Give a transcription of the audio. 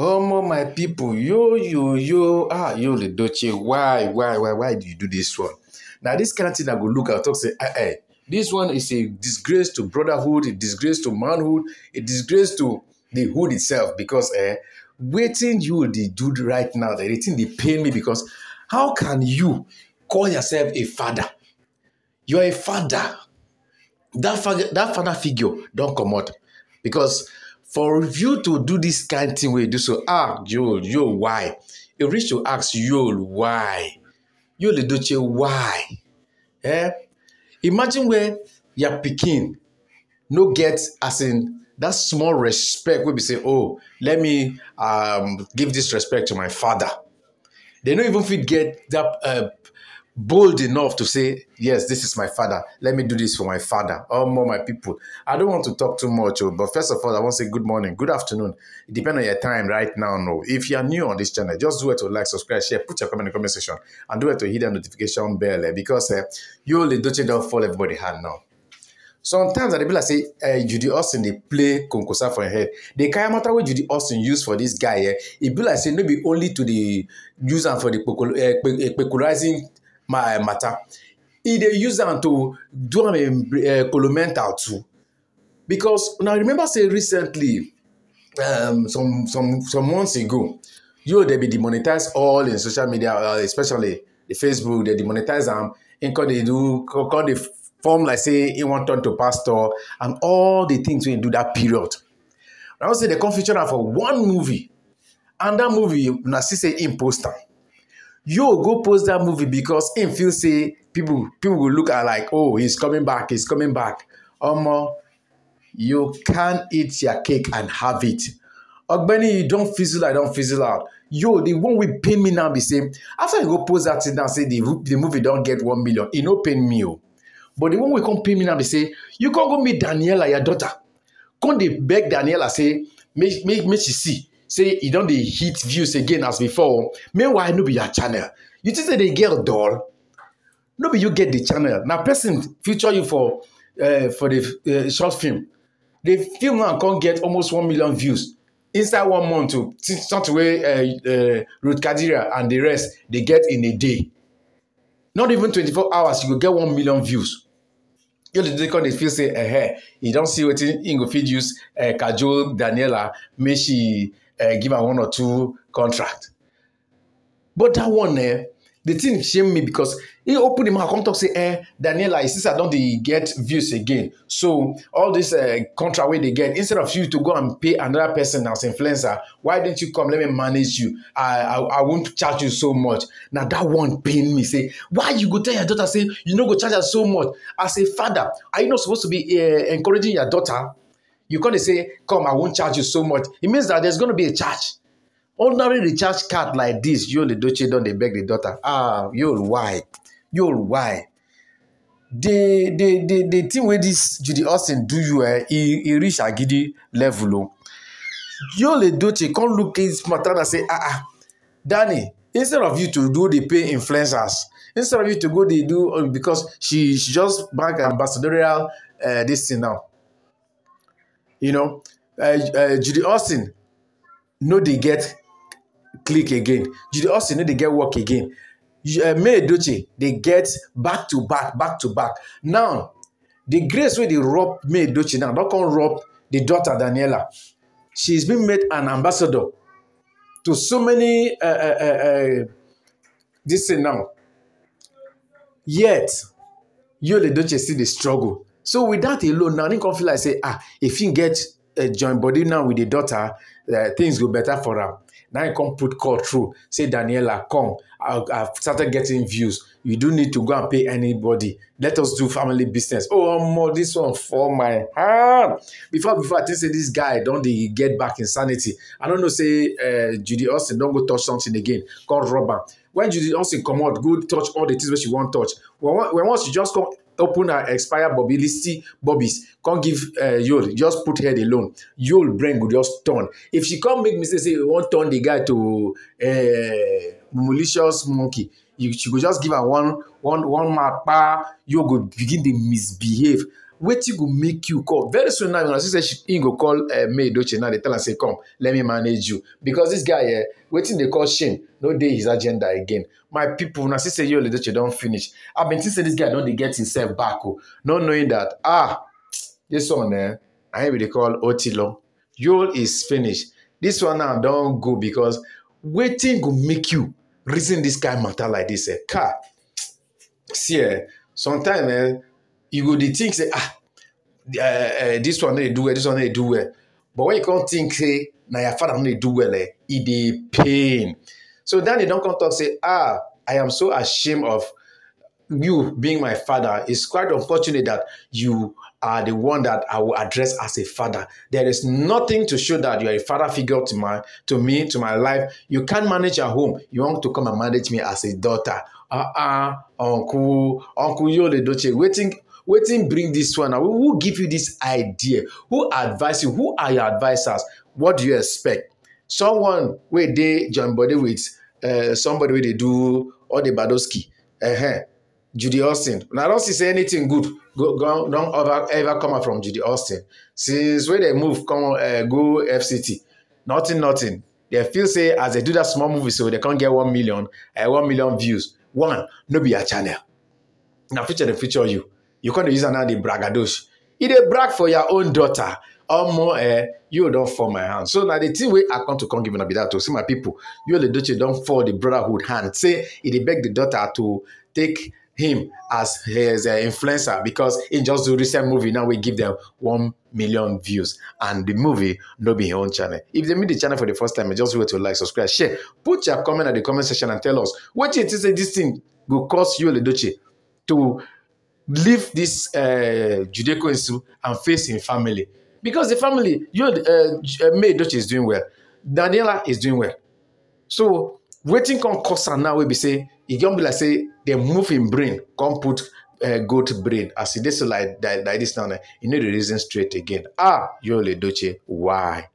Omo my people, yo, yo, yo, ah, yo, Redoche, why, why, why, why do you do this one? Now, this kind of thing I go look at, talk, say, eh, eh, this one is a disgrace to brotherhood, a disgrace to manhood, a disgrace to the hood itself because eh, waiting you the dude right now, the thing they pain me because how can you call yourself a father? You're a father. That father, that father figure don't come out because for you to do this kind thing wey you do so ah Joel Joel why e reach to ask Joel why Joel Edochie why eh imagine where your pikin no get as in that small respect wey be say oh let me um, give this respect to my father they no even fit get that uh, bold enough to say, Yes, this is my father. Let me do this for my father. Oh, more my people. I don't want to talk too much, oh, but first of all, I want to say good morning, good afternoon. It depends on your time right now. No, if you are new on this channel, just do it to like, subscribe, share, put your comment in the comment section, and do it to hit the notification bell eh, because eh, you only don't don't fall everybody hand now. Sometimes I be like say uh, Judy Austin they play Konkosa for im head. The kind matter wey Judy Austin use for this guy, eh, e be like say maybe only to the use and for the uh, eh, popularizing my eh, matter. He they use to do a kolomental eh, too. Because now remember say recently, um, some some some months ago, you dey be demonetize all in social media, uh, especially the Facebook, They demonetize them, and called they do come they form like say he want turn to pastor and all the things we do that period. I wan say dem come feature for one movie and that movie una see say im yo go post that movie because im feel say pipo pipo go look at like oh he's coming back he's coming back omo you can eat your cake and have it ogbeni you don fizzle out don fizzle out yo the one wey pain me now be say after i go post that thing now say the the movie don get one million e no pain me o but the one wey come pain me now be say you come go meet daniela your daughter come dey beg daniela say make make make she see say you e don't dey hit views again as before meanwhile no be your channel you think say the girl dull. no be you get the channel na person feature you for uh, for the uh, short film the film now come get almost one million views inside one month o something wey uh, uh, Ruth Kadira and the rest dey get in a day not even twenty-four hours you go get one million views you dey come dey feel say eh, eh, you don see wetin im go fit use uh, cajole Daniela make she uh, give her one or two contract. But that one, eh, the thing shame me because he opened him mouth come talk say eh daniela his sister don dey get views again so all this uh, contract way they get instead of you to go and pay another person as influencer why didn't you come let me manage you i i, I won't charge you so much Now that one pain me say why you go tell your daughter say you no go charge her so much as a father are you not supposed to be uh, encouraging your daughter you can't say, Come, I won't charge you so much. It means that there's going to be a charge. Ordinary recharge card like this, you the doche don't they beg the daughter. Ah, you'll why? You'll why? The the the the thing with this Judy Austin do you eh, he, he reach a giddy level. You'll Yole Doche can't look at his matter and say, ah ah, Danny, instead of you to do the pay influencers, instead of you to go they do because she, she just back ambassadorial uh, this thing now you know eh, eh, judy austin no dey get click again judy austin no dey get work again eh, may edoche dey get back to back back to back now the grace wey dey rob may edoche now don come rob the daughter daniela she's been made an ambassador to so many uh, uh, uh, this thing now yet yole edoche still dey struggle So with that alone, now him come feel like say, ah, if he get a eh, joint body now with the daughter, uh, things go better for her. Now I come put call through, say Daniela, come. I, I've started getting views. You do need to go and pay anybody. Let us do family business. Oh, more this one for my heart. Before before I think say this guy don't they get back insanity. I don't know say uh, Judy Austin don't go touch something again. Call Robert. When Judy Austin come out, go touch all the things which you want touch. When, when once you just come open her expired Bobby Listy Bobbies. Can't give uh, Yol, just put head alone. Yol brain go just turn. If she can't make mistake, say, won't turn the guy to uh, malicious monkey. You, she go just give her one, one, one mark, you go begin to misbehave wetin go make you call very soon now una see say she im go call eh, may edoche now dey tell am say come let me manage you because this guy eh wetin dey call shame no dey his agenda again my people, una see say yul edoche don finish i bin think say dis guy don dey get himself back o oh. not knowing that ah this one eh na him we dey call otilo yul is finished. This one now don go because wetin go make you reason this kind matter like this eh car see eh sometimes eh you go dey think say ah uh, uh, this one no dey do well this one no dey do well but when you come think say na your father no dey do well eh e dey pain so then they don come talk say ah i am so ashamed of you being my father it's quite unfortunate that you are the one that I will address as a father. There is nothing to show that you are a father figure to my to me, to my life. You can't manage your home. You want to come and manage me as a daughter. Uh-uh, uncle, uncle Yole Doche. Waiting wetin bring this one now who give you this idea who advise you who are your advisors what do you expect someone wey dey join body with uh, somebody wey dey do all the badoski uh-huh. judy austin and i don see say anything good go, go, don ever, ever come out from judy austin since wey they move come uh, go fct nothing nothing They feel say as they do that small movie so dem come get one million uh, one million views one no be channel na future dey feature you you can't use another now It a brag for your own daughter more eh you don't fall my hand so now the thing we i come to come give a bit that to see my people You the yul don't fall the brotherhood hand say e beg the daughter to take him as his uh, influencer because in just recent movie now we give them one million views and the movie no be on own channel if they meet the channel for the first time just wait to like subscribe share put your comment at the comment section and tell us what you think this thing will cause you Ledoche to leave this uh, eh, Judaico institute and face in family. Because the family, you uh, May Dutch is doing well, Daniela is doing well. So, waiting on cause and now we be say, e don be like say dem move in brain come put uh, goat brain as e dey like, like, like this now You know the reason straight again ah Yul Edochie why